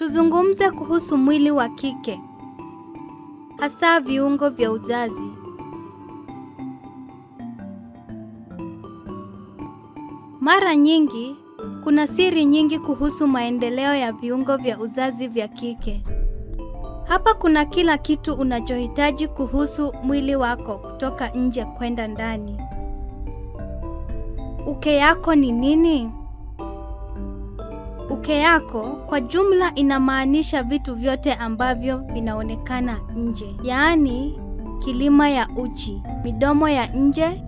Tuzungumze kuhusu mwili wa kike, hasa viungo vya uzazi. Mara nyingi kuna siri nyingi kuhusu maendeleo ya viungo vya uzazi vya kike. Hapa kuna kila kitu unachohitaji kuhusu mwili wako kutoka nje kwenda ndani. Uke yako ni nini? Uke yako kwa jumla inamaanisha vitu vyote ambavyo vinaonekana nje, yaani kilima ya uchi, midomo ya nje,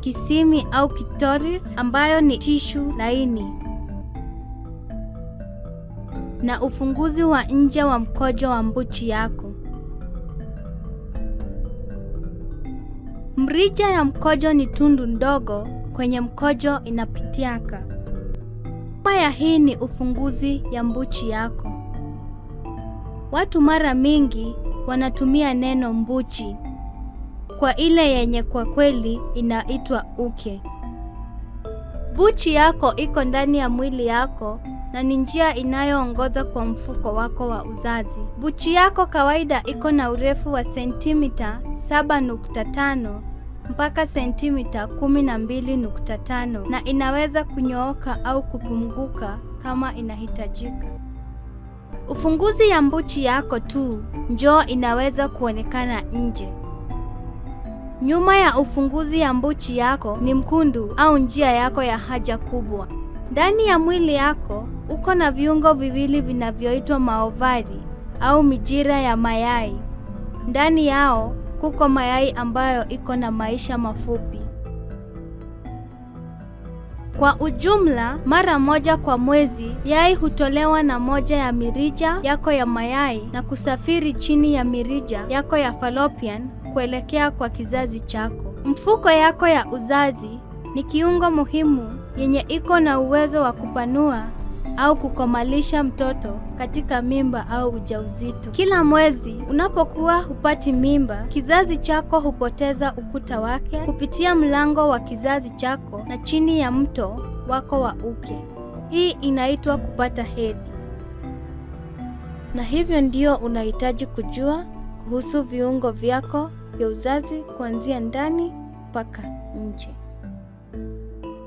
kisimi au kitoris ambayo ni tishu laini, na ufunguzi wa nje wa mkojo wa mbuchi yako. Mrija ya mkojo ni tundu ndogo kwenye mkojo inapitiaka. Chupa ya hii ni ufunguzi ya mbuchi yako. Watu mara mingi wanatumia neno mbuchi kwa ile yenye kwa kweli inaitwa uke. Buchi yako iko ndani ya mwili yako na ni njia inayoongoza kwa mfuko wako wa uzazi. Buchi yako kawaida iko na urefu wa sentimita 7.5 mpaka sentimita 12.5 na inaweza kunyooka au kupunguka kama inahitajika. Ufunguzi ya mbuchi yako tu njoo inaweza kuonekana nje. Nyuma ya ufunguzi ya mbuchi yako ni mkundu au njia yako ya haja kubwa. Ndani ya mwili yako uko na viungo viwili vinavyoitwa maovari au mijira ya mayai. Ndani yao kuko mayai ambayo iko na maisha mafupi. Kwa ujumla, mara moja kwa mwezi yai hutolewa na moja ya mirija yako ya mayai na kusafiri chini ya mirija yako ya fallopian kuelekea kwa kizazi chako. Mfuko yako ya uzazi ni kiungo muhimu yenye iko na uwezo wa kupanua au kukomalisha mtoto katika mimba au ujauzito. Kila mwezi unapokuwa hupati mimba, kizazi chako hupoteza ukuta wake kupitia mlango wa kizazi chako na chini ya mto wako wa uke. Hii inaitwa kupata hedhi. Na hivyo ndio unahitaji kujua kuhusu viungo vyako vya uzazi kuanzia ndani mpaka nje.